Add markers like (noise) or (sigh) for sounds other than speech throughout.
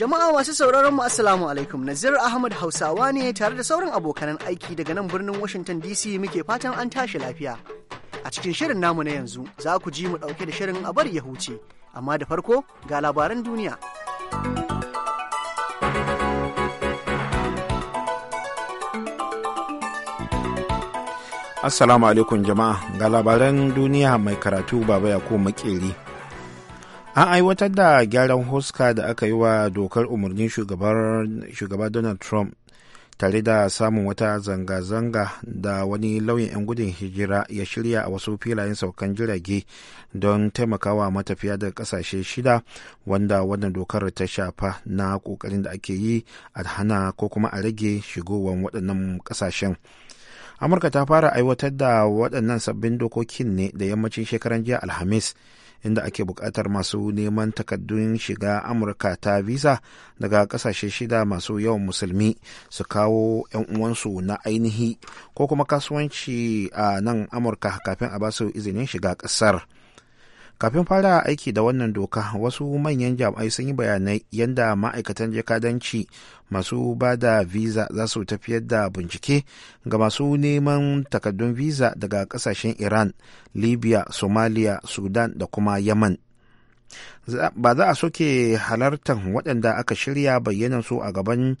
Jama'a masu sauraron mu Assalamu alaikum Nazir Ahmad Hausawa ne tare da sauran abokanan aiki daga nan birnin Washington DC muke fatan an tashi lafiya. A cikin shirin namu na yanzu za ku ji mu ɗauke da shirin a bari ya huce, amma da farko ga labaran duniya. Assalamu alaikum jama'a ga labaran duniya mai karatu baba ya ko makeri. an aiwatar da gyaran huska da aka yi wa dokar umarnin shugaba donald trump tare da samun wata zanga-zanga da wani lauyan 'yan gudun hijira ya shirya a wasu filayen saukan jirage don taimakawa matafiya daga kasashe shida wanda wannan dokar ta shafa na kokarin da ake yi a hana ko kuma a rage shigowar waɗannan kasashen amurka ta fara aiwatar da waɗannan sabbin dokokin ne da yammacin shekaran jiya alhamis inda ake bukatar masu neman takaddun shiga amurka ta visa daga kasashe shida masu yawan musulmi su kawo 'yan uwansu na ainihi ko kuma kasuwanci a nan amurka kafin a basu izinin shiga kasar. kafin fara aiki da wannan doka wasu manyan jami'ai sun yi bayanai yadda ma'aikatan jakadanci masu ba da visa za su tafiyar da bincike ga masu neman takardun visa daga kasashen iran libya somalia sudan da kuma yaman ba za a soke halartar waɗanda aka shirya bayyanar su a gaban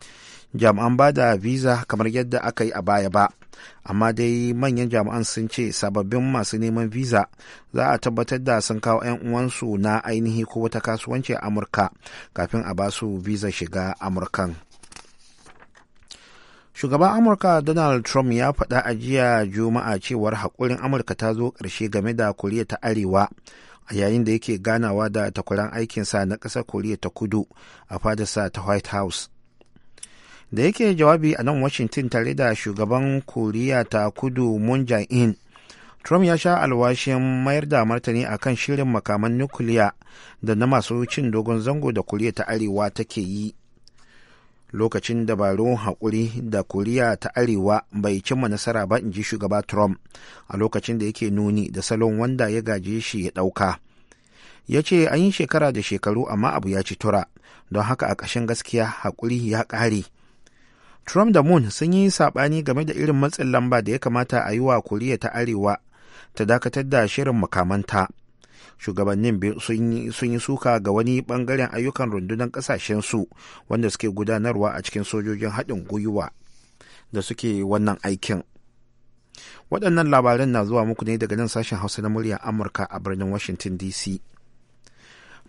jami'an ba da visa kamar yadda aka yi a baya ba amma dai manyan jami'an sun ce sababbin masu neman visa za a tabbatar da sun kawo 'yan uwansu na ainihi ko wata kasuwanci a amurka kafin a ba su visa shiga amurkan shugaban amurka donald trump ya faɗa a jiya juma'a cewar haƙurin amurka ta zo ƙarshe game da koriya ta arewa a yayin da yake ganawa da takwaran aikinsa na ƙasar koriya ta kudu a fadarsa ta white house da yake jawabi a nan washington tare da shugaban koriya ta kudu moon in trump ya sha alwashin mayar da martani a kan shirin makaman nukiliya da na masu cin dogon zango da koriya ta arewa take yi lokacin dabarun haƙuri da kuriya ta arewa bai cimma nasara ba in ji shugaba trump a lokacin da yake nuni da salon wanda ya gaje shi ya ɗauka ya ce an yi shekara da shekaru amma abu ya ci tura don haka a ƙashin gaskiya haƙuri ya ƙare trump da moon sun yi saɓani game da irin matsin lamba da ya kamata a yi wa koriya ta arewa ta dakatar da shirin makamanta shugabannin biyu sun yi suka ga wani bangaren ayyukan rundunar kasashensu wanda suke gudanarwa a cikin sojojin haɗin gwiwa da suke wannan aikin waɗannan labaran na zuwa muku ne daga nan sashen hausa na muryar amurka a birnin washington dc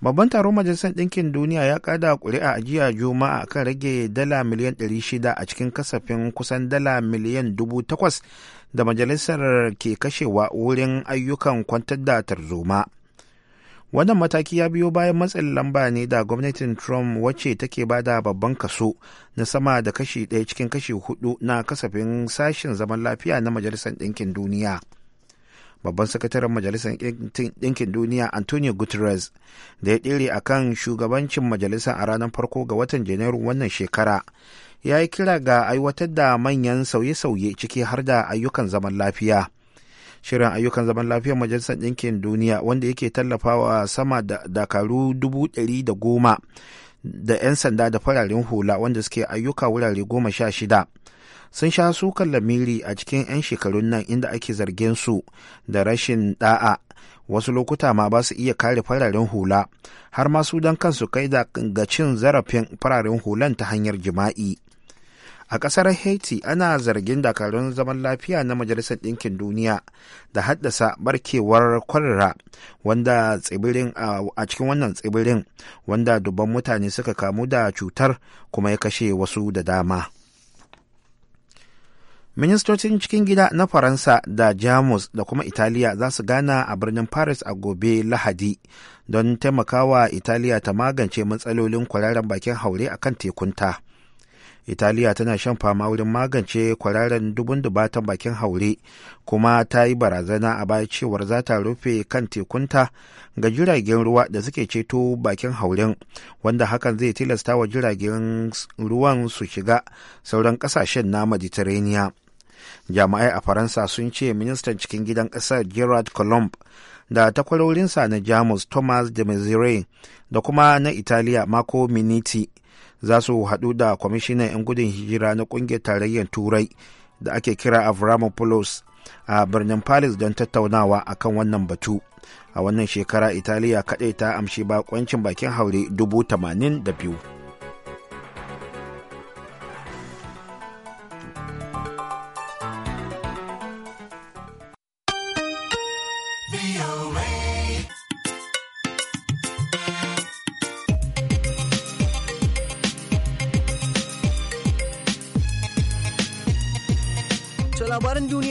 babban taron majalisar ɗinkin duniya ya kada ƙuri'a a jiya juma'a kan rage dala miliyan 600 a cikin kasafin kusan dala miliyan 8,000 da majalisar ke kashewa wurin ayyukan kwantar da tarzoma. wannan mataki ya biyo bayan matsin lamba ne da gwamnatin trump wacce take ba da babban kaso na sama da kashi ɗaya cikin kashi hudu na kasafin sashen zaman lafiya na majalisar ɗinkin duniya babban sakataren majalisar ɗinkin duniya antonio guterres da ya ɗere a kan shugabancin majalisar a ranar farko ga watan janairu wannan shekara ya yi kira ga aiwatar da manyan sauye-sauye ciki har da ayyukan zaman lafiya. shirin ayyukan zaman lafiyar majalisar ɗinkin duniya wanda yake tallafawa sama da dakaru dubu ɗari da goma da 'yan sanda da fararen hula wanda suke ayyuka wurare goma sha shida sun sha sukan lamiri a cikin 'yan shekarun nan inda ake zargin su da rashin da'a wasu lokuta ma ba su iya kare fararen hula har ma su don kansu kai da ga cin zarafin fararen hulan ta hanyar jima'i. a ƙasar haiti ana zargin dakarun zaman lafiya na majalisar ɗinkin duniya da haddasa barkewar kwarra wanda tsibirin a cikin wannan tsibirin wanda dubban mutane suka kamu da cutar kuma ya kashe wasu da dama ministocin cikin gida na faransa da jamus da kuma italiya za su gana a birnin paris a gobe lahadi don taimakawa italiya ta magance matsalolin kwararren bakin haure a kan tekunta italiya tana shan fama wurin magance kwararren dubun dubatan bakin haure kuma ta yi barazana a baya cewar za ta rufe kan tekunta ga jiragen ruwa da suke ceto bakin hauren wanda hakan zai tilasta wa jiragen ruwan su shiga sauran kasashen na mediterranean jami'ai a faransa sun ce ministan cikin gidan ƙasar gerard colomb da takwarorinsa na jamus thomas de mezire da kuma na italiya mako miniti za su haɗu da kwamishinan 'yan gudun hijira na ƙungiyar tarayyar turai da ake kira avramopoulos a birnin paris don tattaunawa a kan wannan batu a wannan shekara italiya kaɗai ta amshi bakoncin bakin haure dubu tamanin da biyu.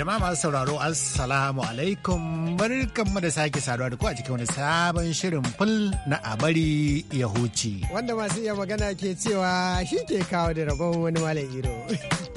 Jama'a masu sauraro Assalamu alaikum mu da sake saduwa da ku a cikin wani sabon shirin ful na abari ya huce. Wanda masu iya magana ke cewa shi ke kawo da rabon wani malam iro. (laughs)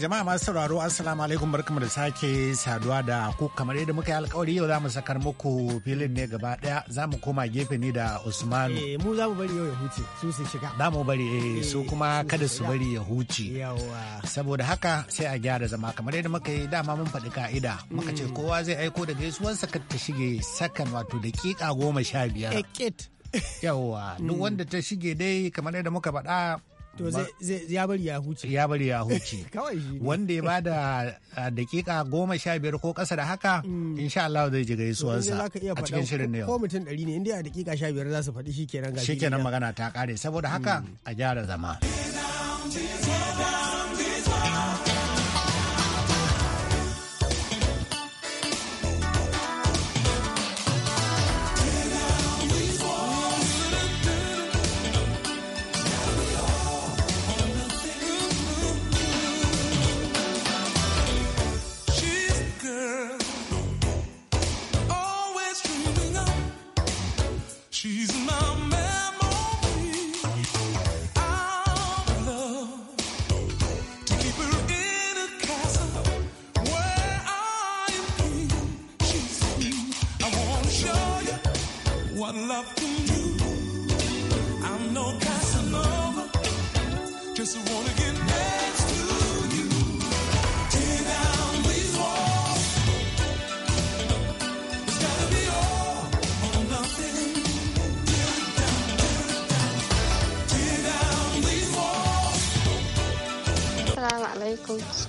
jama'a masu sauraro assalamu alaikum barkamu da sake saduwa da ku kamar yadda muka yi alkawari yau zamu sakar muku filin ne gaba daya zamu koma gefe ne da Usmanu eh mu zamu bari yau ya huce su su shiga Za mu bari eh su eh, kuma kada su bari ya huce yawa saboda haka sai a gyara zama kamar yadda muka yi dama mun faɗi ka'ida muka ce mm. kowa zai aiko da wansa sakar ta shige sakan wato daƙiƙa goma sha biyar eh, yawwa duk mm. wanda ta shige dai kamar yadda muka faɗa To ya bari ya huce. Ya bari ya huce. (laughs) Wanda ya bada ah, dakika goma sha biyar ko kasa da haka, mm. insha Allah zai ji gaisuwansa a cikin shirin yau. Ko mutum ɗari ne, inda a dakika sha biyar za su faɗi shi kenan ga Shi kenan magana ta ƙare, saboda haka mm. a gyara zama.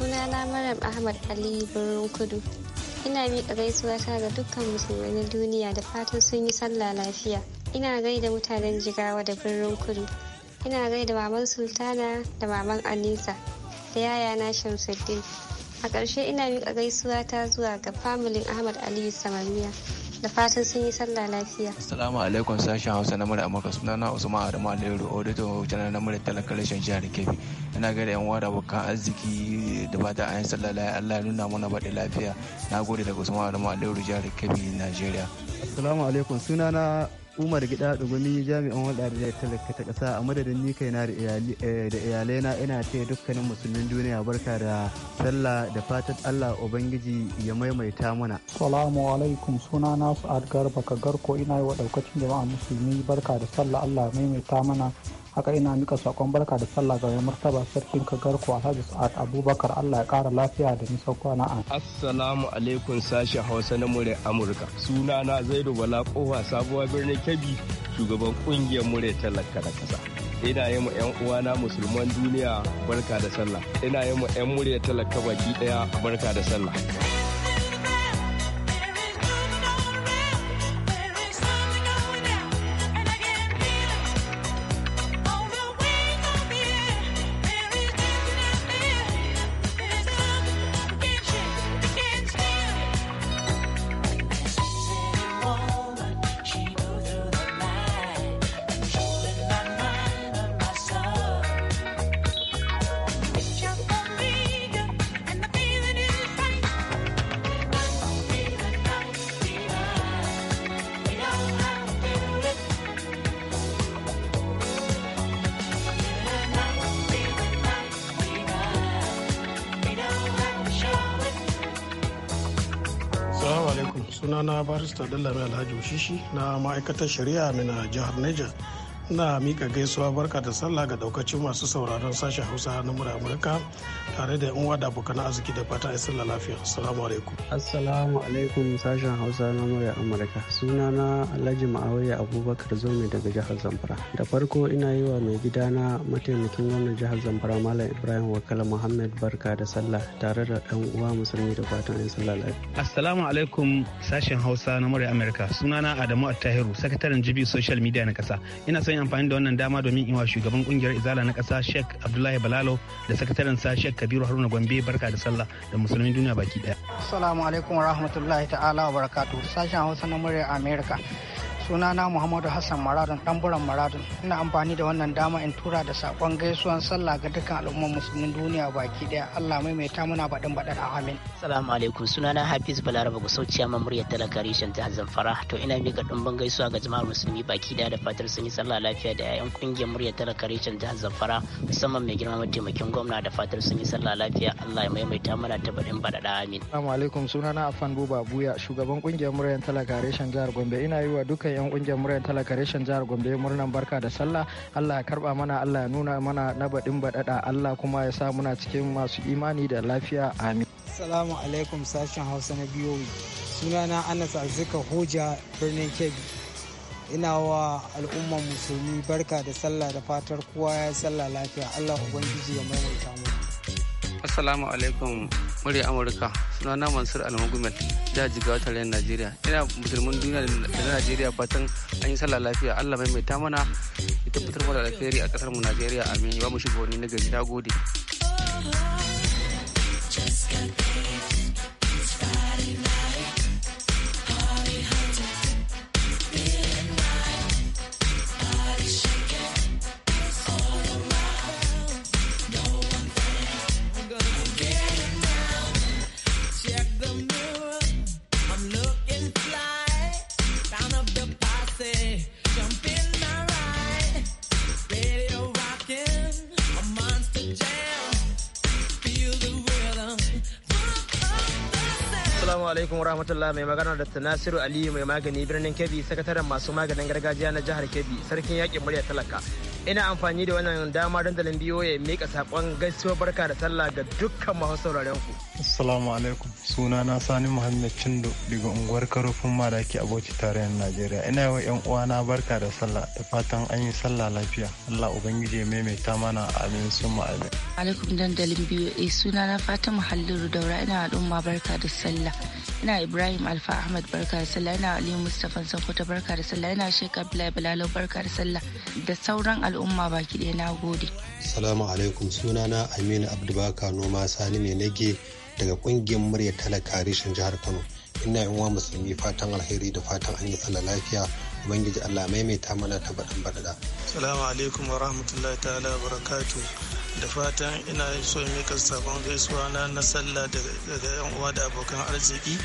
na maram ahmad ali birnin kudu ina miƙa gaisuwa ta ga dukkan musulmai duniya da fatan sun yi sallah lafiya ina gaida mutanen jigawa da birnin kudu ina gaida maman sultana da maman anisa da yaya na shamsuddin a ƙarshe ina miƙa gaisuwa ta zuwa ga familin ahmad aliyu samaniya da fatan sun yi sallah lafiya. Assalamu alaikum sashen Hausa na mura Amurka sunana Usman Adamu Aliyu Odito janar na mura talakar rashin jihar Kebbi. Ina da yan wada abokan arziki da fata an yi sallah lafiya Allah ya nuna mana baɗi lafiya. Na gode daga Usman Adamu Aliyu jihar Kebbi Najeriya. Assalamu alaikum na umar gida dugumi jami'an hulɗa da talaka ta ƙasa a madadin ni kaina da eh, iyalai na ina ce dukkanin musulmin duniya barka da sallah da fatan allah ubangiji ya maimaita mana salamu alaikum suna nasu adgar baka garko ina yi wa ɗaukacin jama'a musulmi barka da sallah allah maimaita mana haka ina mika sakon barka da sallah ga mai martaba sarkin kagarku alhaji sa'ad abubakar allah ya kara lafiya da nisan kwana a assalamu alaikum sashi hausa na mure amurka suna na zaidu bala kowa sabuwa birnin kebbi shugaban kungiyar murya talaka da kasa ina yi ma uwana musulman duniya barka da sallah ina yi ma 'yan murya talaka baki daya barka da sallah sunana barista lami alhaji shishi na ma'aikatar shari'a mina jihar niger na mika gaisuwa barka da sallah ga daukacin masu sauraron sashen hausa na mura amurka tare da yan da abokan arziki da fatan da lafiya assalamu alaikum assalamu alaikum sashen hausa na murya amurka suna na alhaji ma'awiya abubakar zomi daga jihar zamfara da farko ina yi wa mai gida na mataimakin wannan jihar zamfara malam ibrahim wakala muhammad barka da sallah tare da yan uwa musulmi da fatan isar da lafiya assalamu alaikum sashen hausa na murya amurka suna na adamu attahiru sakataren jibi social media na kasa ina son amfani da wannan dama domin in wa shugaban kungiyar izala na kasa sheikh abdullahi balalo da sakataren sa sheikh kabiru haruna gombe barka da sallah da musulmin duniya baki daya assalamu alaikum rahmatullahi ta'ala wa barakatu sashen hausa na murya america sunana muhammadu hassan maradun tamburan maradun ina amfani da wannan dama in tura da sakon gaisuwan sallah ga dukkan al'umman musulmin duniya baki daya allah maimaita muna baɗin baɗar amin salamu alaikum sunana hafiz balaraba gusau ma murya talaka shan jihar zamfara to ina miƙa ɗumbin gaisuwa ga jama'ar musulmi baki daya da fatar sun yi sallah lafiya da 'ya'yan ƙungiyar muryar talaka shan jihar zamfara musamman mai girma mataimakin gwamna da fatar sun yi sallah lafiya allah ya maimaita muna ta baɗin baɗaɗa amin. salamu alaikum sunana afan buba buya shugaban ƙungiyar muryar talaka reshen jihar gombe ina yi wa duka dukkan yan kungiyar muryar talaka reshen jihar gombe murnan barka da sallah allah ya karba mana allah ya nuna mana na baɗin baɗaɗa allah kuma ya sa muna cikin masu imani da lafiya amin assalamu alaikum sashen hausa na biyoyi e. sunana anas arzika hoja birnin kebbi ina wa al'ummar musulmi barka da sallah da fatar kowa ya sallah lafiya allah ubangiji ya maimaita mu assalamu alaikum murya amurka na mansur almagumel da jigawa tarayyar najeriya ina musulmin duniya da na najeriya fatan an yi sallah lafiya allah mai mai mana ya tabbatar mana da alheri a kasar mu najeriya amin ya ba mu shugabanni na gari na gode Assalamu alaikum wa rahmatullah mai magana da Nasiru Aliyu mai magani birnin Kebbi sakataren masu maganin gargajiya na jihar Kebbi sarkin yakin murya talaka. Ina amfani da wannan dama dandalin biyo ya mika sakon gaisuwar barka da sallah ga dukkan masu sauraren ku. Assalamu alaikum suna na Sani Muhammad Chindo daga unguwar Karofin Madaki Aboki tarayyar Najeriya. Ina yawa ‘yan uwana barka da sallah da fatan an yi sallah lafiya. Allah Ubangiji ya maimaita mana amin sun amin. Alaikum dandalin biyu suna na Fatima Halliru Daura ina al'umma barka da sallah. Ina Ibrahim Alfa Ahmad barka da sallah ina Ali Mustapha Sokoto barka da sallah ina Sheikh Abdullahi Bilalo barka da sallah da sauran al'umma baki ɗaya na gode. Salamu alaikum sunana Aminu Abdubaka noma sani mai nage daga kungiyar murya talaka reshen jihar Kano. Ina yin wa musulmi fatan alheri da fatan an yi tsala lafiya Ubangiji Allah maimaita mana ta baɗin baɗaɗa. Salamu alaikum wa rahmatullahi ta'ala barakatu. da fatan ina so in mika sabon gaisuwa na na sallah daga yan uwa da abokan arziki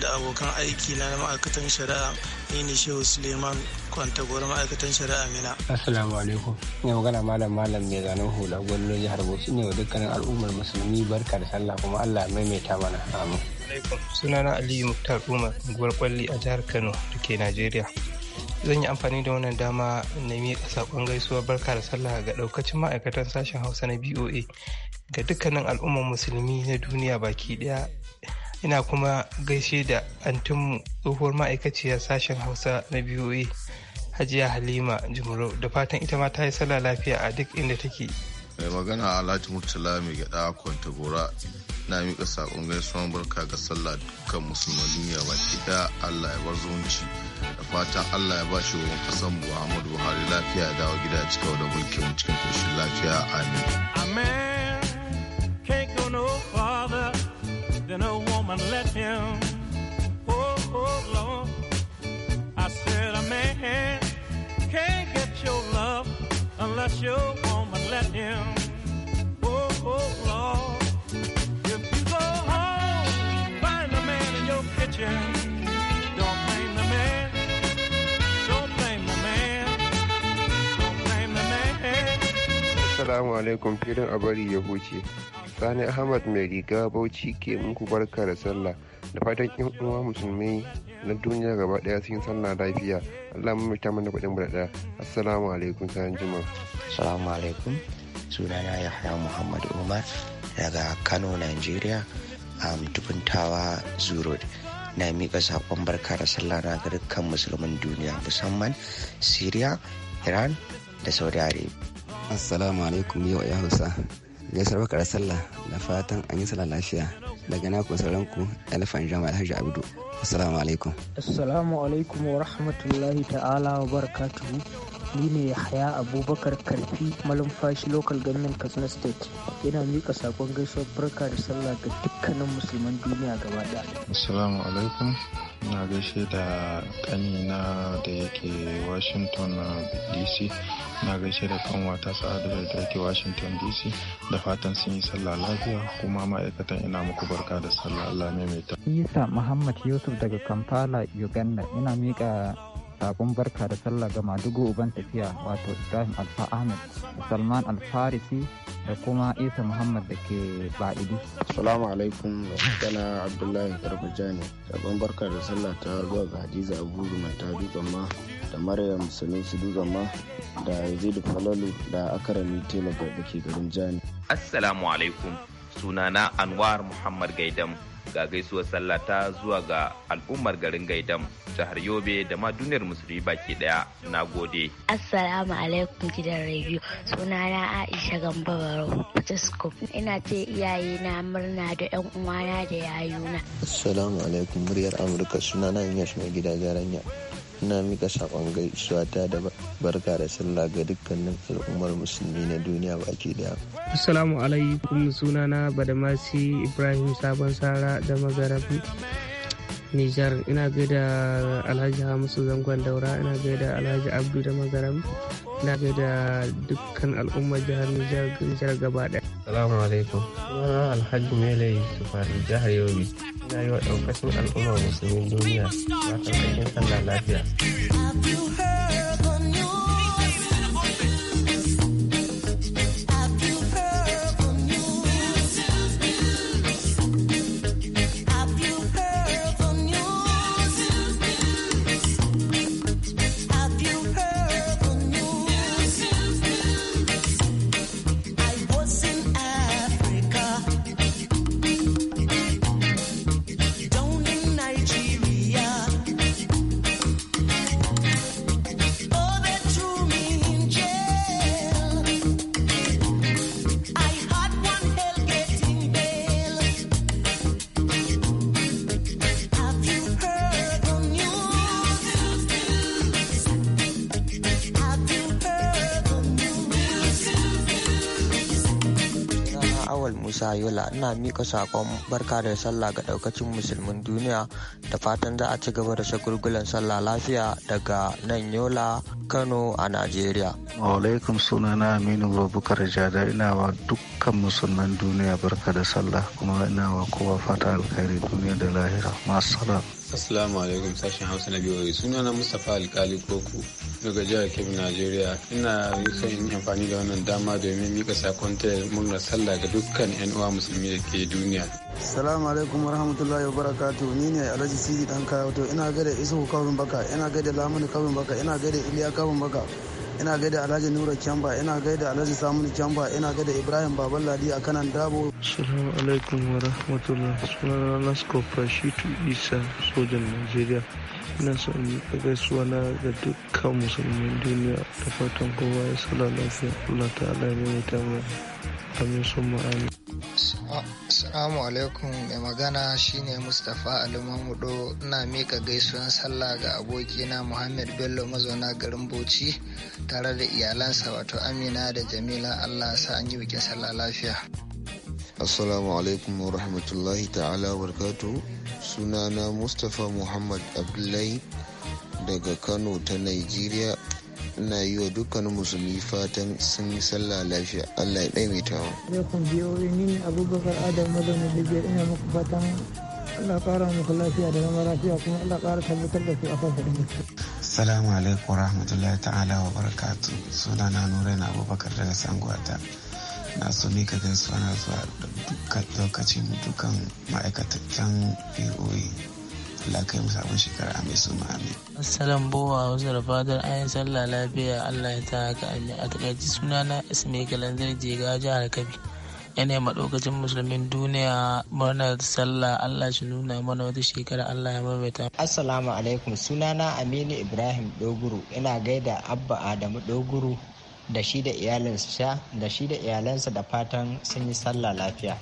da abokan aiki na ma'aikatan shari'a ni ne shehu suleiman kwantagwar ma'aikatan shari'a mina assalamu alaikum ne magana malam malam mai zanen hula gwallo jihar bauchi ne wa dukkanin al'ummar musulmi barka da sallah kuma allah maimaita mana amin sunana aliyu muktar umar kwalli a jihar kano da ke najeriya zan yi amfani da wannan dama na miƙa saƙon gaisuwa barka da sallah ga ɗaukacin ma'aikatan sashen hausa na boa ga dukkanin al'ummar musulmi na duniya baki ɗaya ina kuma gaishe da antinmu tsohuwar ma'aikaciyar sashen hausa na boa hajiya halima jimuro da fatan ita ma ta yi sallah lafiya a duk inda take mai magana alhaji murtala mai gyaɗa kwanta gora na miƙa saƙon gaisuwan barka ga sallah dukkan musulman duniya baki ɗaya allah ya bar zumunci da fatan allah ya ba shi wa kasan muhammadu buhari lafiya ya dawo gida cika da mulkin cikin koshin lafiya amin no farther than a woman let him oh oh lord i said a man can't get your love unless your woman let him oh oh lord Assalamu alaikum filin a bari ya huce. Sani Ahmad mai riga Bauchi ke muku barka da sallah da fatan yan uwa musulmai na duniya gaba daya sun sanna lafiya. Allah mu mutum mana kuɗin burada. Assalamu alaikum sayan jima. Assalamu alaikum. Sunana Yahya Muhammad Umar daga Kano, Nigeria. Um, Tukuntawa Zurod. na miƙa saƙon barka da sallah na ga dukkan musulmin duniya musamman syria iran da saudi arabia assalamu alaikum yau ya hausa gaisar bakar sallah da fatan an yi sallah lafiya daga na ku sauran ku elefan jama alhaji abdu assalamu alaikum assalamu alaikum wa rahmatullahi ta'ala wa barakatuhu ni ne haya Abubakar Karfi malumfashi local government Katsina state yana mika sakon gaisuwar barka da sallah ga dukkanin musulman duniya gaba daya. Assalamu alaikum na gaishe da kani na da yake Washington uh, DC na gaishe da kanwata sa'adu da yake Washington DC da fatan sun yi sallah lafiya kuma ma'aikatan ina muku barka da sallah Allah maimaita. Isa Muhammad Yusuf daga Kampala Uganda ina mika sakon barka da sallah ga madugu uban tafiya wato ibrahim alfa ahmed salman alfarisi da kuma isa muhammad da ke ba'idi salamu alaikum da kana abdullahi karbajani sakon barka da sallah ta zuwa ga hadiza abubu mai ta da maryam Salisu, dukan ma da yazidu falalu da akarami tela da ke garin jani assalamu alaikum sunana anwar muhammad gaidam ga gaisuwar sallah ta zuwa ga al'ummar garin gaidam jihar yobe da ma duniyar musulmi baki daya na gode assalamu alaikum gidan rediyo suna na aisha gamba baro patisco ina ce iyaye na murna da yan uwana da yayuna assalamu alaikum muryar amurka suna na yin mai gida jaranya ina mika sakon gaisuwa ta da barka da sallah ga dukkanin al'ummar musulmi na duniya baki daya assalamu alaikum sunana badamasi ibrahim sabon sara da magarabi Nijar ina gaida Alhaji Hamisu Zangon Daura ina gaida Alhaji Abdu da Magaram ina gaida dukkan al'ummar jihar Nijar gaba ɗaya. Salamu alaikum. Suna Alhaji Mele Sufari jihar Yobe. Ina yi wa ɗaukacin al'ummar musulmin duniya. Fatan aikin kan lafiya. Musa Yola ina mika sakon barka da sallah ga daukacin musulmin duniya da fatan za a ci gaba da shagulgulan sallah lafiya daga nan Yola Kano a Najeriya. Alaikum sunana Aminu Babukar Jada ina wa dukkan musulman duniya barka da sallah kuma ina wa kowa fata alkhairi duniya da lahira. Masu Assalamu alaikum sashen Hausa na biyu suna na Mustapha Alkali Koko daga jihar Kebbi Najeriya. Ina son yin amfani da wannan dama domin mika sakon ta murna sallah ga dukkan 'yan uwa musulmi da ke duniya. Assalamu alaikum warahmatullahi wabarakatuh ni ne Alhaji Sidi dan wato ina gaida Isuhu Kawun Baka ina gaida Lamini Kawun Baka ina gaida Iliya Kawun Baka ina gaida alhaji nura kyamba ina gaida alhaji samun kyamba ina gaida ibrahim baban ladi a kanan dabo salamu alaikum wa rahmatullah sunana lasko fashitu isa sojan nigeria ina so in yi gaisuwa na ga dukkan musulmin duniya da fatan kowa ya sala lafiya allah ta'ala ya mai ta mai amin sun ma'ani Assalamu alaikum mai magana shine Mustapha Ali Mamudo ina mika gaisuwan sallah ga abokina Muhammad Bello mazauna garin Bauchi tare da iyalansa wato Amina da Jamila Allah sa an yi bikin sallah lafiya. Assalamu alaikum wa rahmatullahi ta'ala wa sunana Mustapha Muhammad Abdullahi daga Kano ta Nigeria ina yi wa dukkanin musulmi fatan sun yi sallah lafiya allah ya tawa. wa. Zai biyoyi ni ne abubakar adam mazaunin libya ina muku fatan Allah ƙara muku lafiya da zama lafiya kuma Allah ƙara tabbatar da su a kan Salamu alaikum rahmatullahi ta'ala wa barakatu suna na nura na abubakar daga sanguwata na so ne ka gaisuwa na zuwa dukkan lokacin dukkan ma'aikatan BOA Allah kai mu sabon shekara mai suna amin. Assalam bowa wasu da fadar ayin sallah lafiya Allah ya ta haka amin a takaici suna na isme kalanzar ga jihar Kabi. Yana maɗaukacin musulmin duniya murnar sallah Allah shi nuna mana wata shekara Allah ya maimaita. Assalamu alaikum sunana Aminu Ibrahim Doguru ina gaida Abba Adamu Doguru da shi da iyalinsa da shi da iyalansa da fatan sun yi sallah lafiya.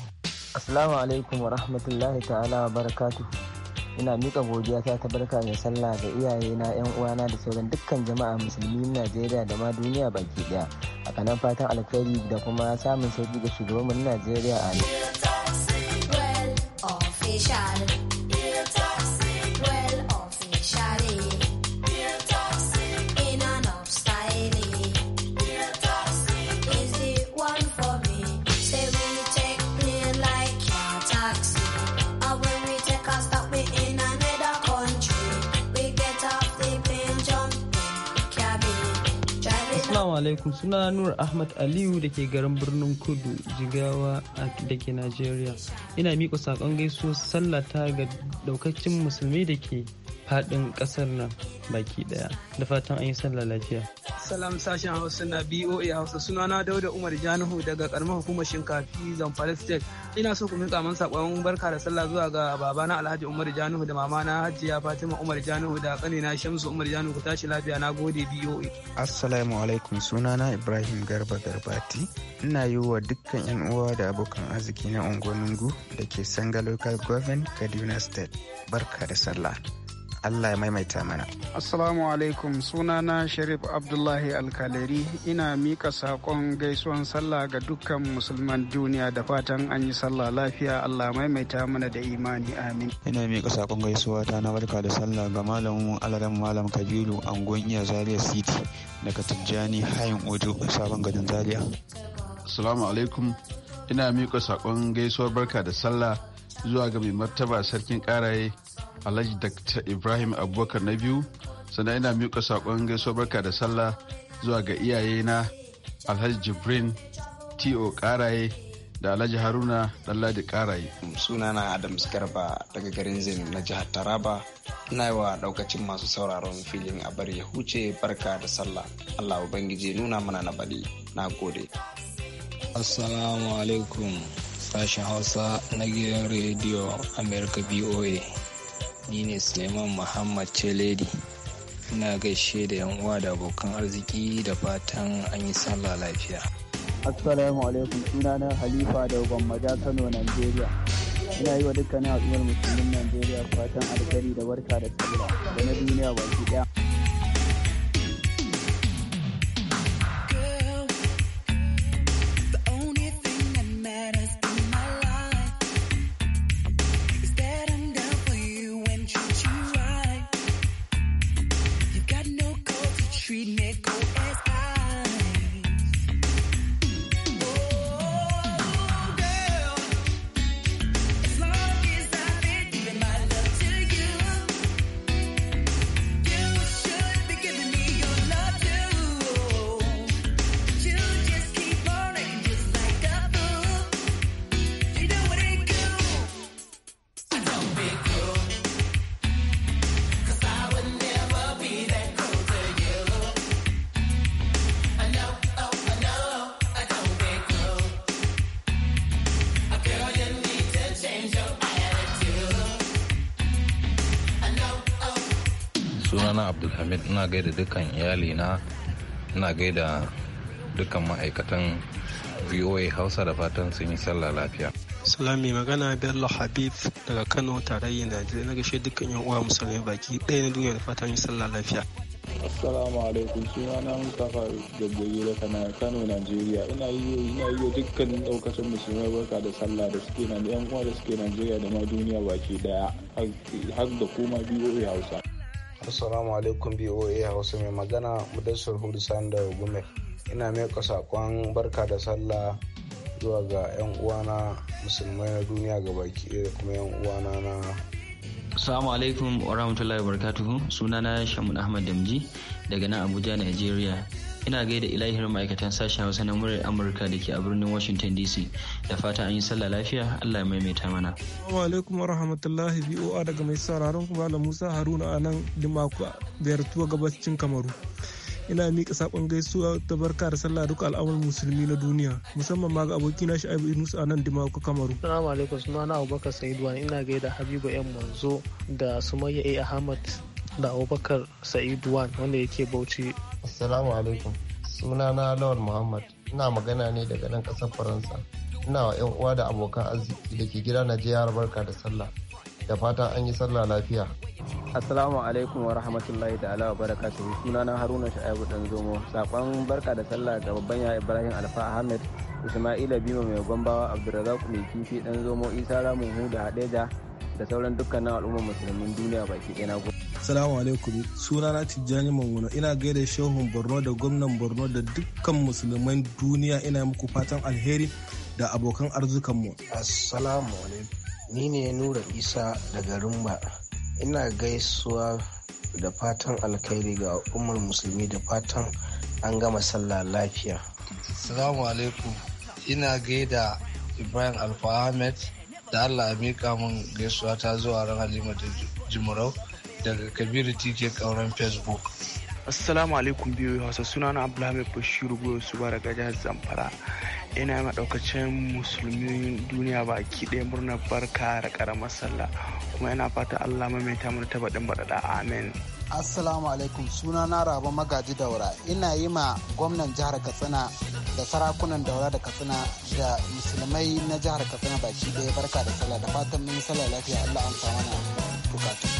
Assalamu alaikum wa rahmatullahi ta'ala wa barakatu. ina mika godiya ta tabarka mai sallah ga iyaye na yan uwana da sauran dukkan jama'a musulmi najeriya da ma duniya baki daya a kanan fatan alkhairi da kuma samun sauki ga shugabanmu na najeriya a nan. alaikum suna Nur Ahmad Aliyu da ke garin birnin Kudu Jigawa da ke nigeria Ina miƙa saƙon gaisuwar sallata ga daukacin musulmi da ke faɗin ƙasar nan baki ɗaya da fatan an yi sallah lafiya. Salam sashen Hausa na BOA Hausa sunana Dauda Umar Janihu daga karamar hukumar Shinkafi Zamfara State. Ina so ku miƙa man saƙon barka da sallah zuwa ga babana Alhaji Umar Janihu da mamana Hajiya Fatima Umar Janihu da ƙanina Shamsu Umar Janihu ku tashi lafiya na gode BOA. Assalamu alaikum sunana Ibrahim Garba Garbati. Ina yi wa dukkan 'yan uwa da abokan arziki na Nungu da ke Sanga Local Government Kaduna State. Barka da sallah. Allah ya maimaita mana. Assalamu alaikum sunana Sharif Abdullahi Alkaleri ina mika saƙon gaisuwan sallah ga dukkan musulman duniya da fatan an yi sallah lafiya Allah maimaita mana da imani amin. Ina mika saƙon gaisuwa ta na barka da sallah ga malamin alaran malam Kabiru angon iya Zaria City daga Tijjani Hayin Ojo sabon gadin Zaria. Assalamu alaikum ina mika saƙon gaisuwar barka da sallah zuwa ga mai martaba sarkin ƙaraye alhaji dr ibrahim abubakar na biyu sannan ina miƙa saƙon gaisuwar barka da sallah zuwa ga iyaye na alhaji jibrin to karaye da alhaji haruna ɗanladi karaye sunana adams garba daga garin zin na jihar taraba ina yi wa ɗaukacin masu sauraron filin a bari ya huce barka da sallah allah ubangiji nuna mana na bali na gode assalamu alaikum sashen hausa na gidan rediyo america voa ni ne suleiman muhammad celedi ina gaishe da yan uwa da abokan arziki da fatan an yi sallah lafiya assalamu alaikum suna na halifa da gwammaja kano nigeria ina yi wa dukkanin al'ummar musulmin nigeria fatan alkhairi da barka da tsira da na duniya baki daya abdulhamid ina gaida dukkan iyalina ina gaida dukkan ma'aikatan voa hausa da fatan sun yi sallah lafiya salami magana bello habib daga kano tarayyar najeriya na gashe dukkan yan uwa musulmi baki ɗaya na duniya da fatan yi sallah lafiya Assalamu alaikum suna na Mustapha Gaggari da kana Kano Najeriya ina yi ina yi dukkanin daukacin musulmai barka da sallah da suke da yan uwa da suke Najeriya da ma duniya baki daya har da kuma BOA Hausa Assalamu alaikum BOA Hausa mai magana Mudassar Hudu Sandar Gumer. Ina mai saƙon barka da sallah zuwa ga 'yan uwana musulmai na duniya ga baki da kuma 'yan uwana na Assalamu alaikum wa rahmatullahi wa barakatuhu sunana Shamun Ahmad Damji daga nan Abuja Nigeria Ina gaida ilahiyar ma'aikatan sashen Hausa na murar Amurka da ke a birnin Washington DC. Da fata an yi sallah lafiya Allah maimaita mana. wa alaikum wa rahmatullahi BOA daga mai sauraron kuma da Musa Haruna a nan Dimaku Bertuwa gabacin Kamaru. ina miƙa saƙon gaisuwa ta barka da sallah duka al'amuran musulmi na duniya musamman ma ga abokina sha'ibu Yunus a nan Dimako Kamaru. salamu alaikum na Abubakar Saidu ina gaida Habibu yan Manzo da Sumayya A Ahmad da abubakar sa'idu wan wanda yake bauchi assalamu alaikum na lawal muhammad ina magana ne daga nan kasar faransa ina wa yan uwa da abokan arziki da ke gida na jihar barka da sallah da fatan an yi sallah lafiya Assalamu alaikum wa rahmatullahi baraka wa barakatuhu na Haruna Sha'ibu dan zomo sakon barka da sallah ga babban ya Ibrahim Alfa Ahmed Ismaila Bima mai gombawa Abdulrazak mai kifi dan zomo Isa Ramu da Hadeja da sauran dukkanin al'ummar musulmin duniya baki ɗaya na Salamu alaikum na Tijjani Mamuna ina gaida shehun Borno da gwamnan Borno da dukkan musulman duniya ina muku fatan alheri da abokan arzikanmu. Assalamu alaikum ni ne Nura Isa daga Rumba ina gaisuwa da fatan alkhairi ga umar musulmi da fatan an gama sallah lafiya. salamu alaikum ina gaida Ibrahim Alfa Ahmed da Allah ya miƙa min gaisuwa ta zuwa ran Halima da jimarau daga kabiru tj kauran facebook assalamu alaikum biyu hausa suna na abdulhamid bashiru goyo su bara ga zamfara ina yi maɗaukacin musulmin duniya baki ɗaya murnar barka da karamar sallah kuma ina fata allah maimaita mana ta baɗin baɗaɗa amin assalamu alaikum suna na Rabu magaji daura ina yi ma gwamnan jihar katsina da sarakunan daura da katsina da musulmai na jihar katsina baki ɗaya barka da sallah da fatan mun sallah lafiya allah an samu na bukatu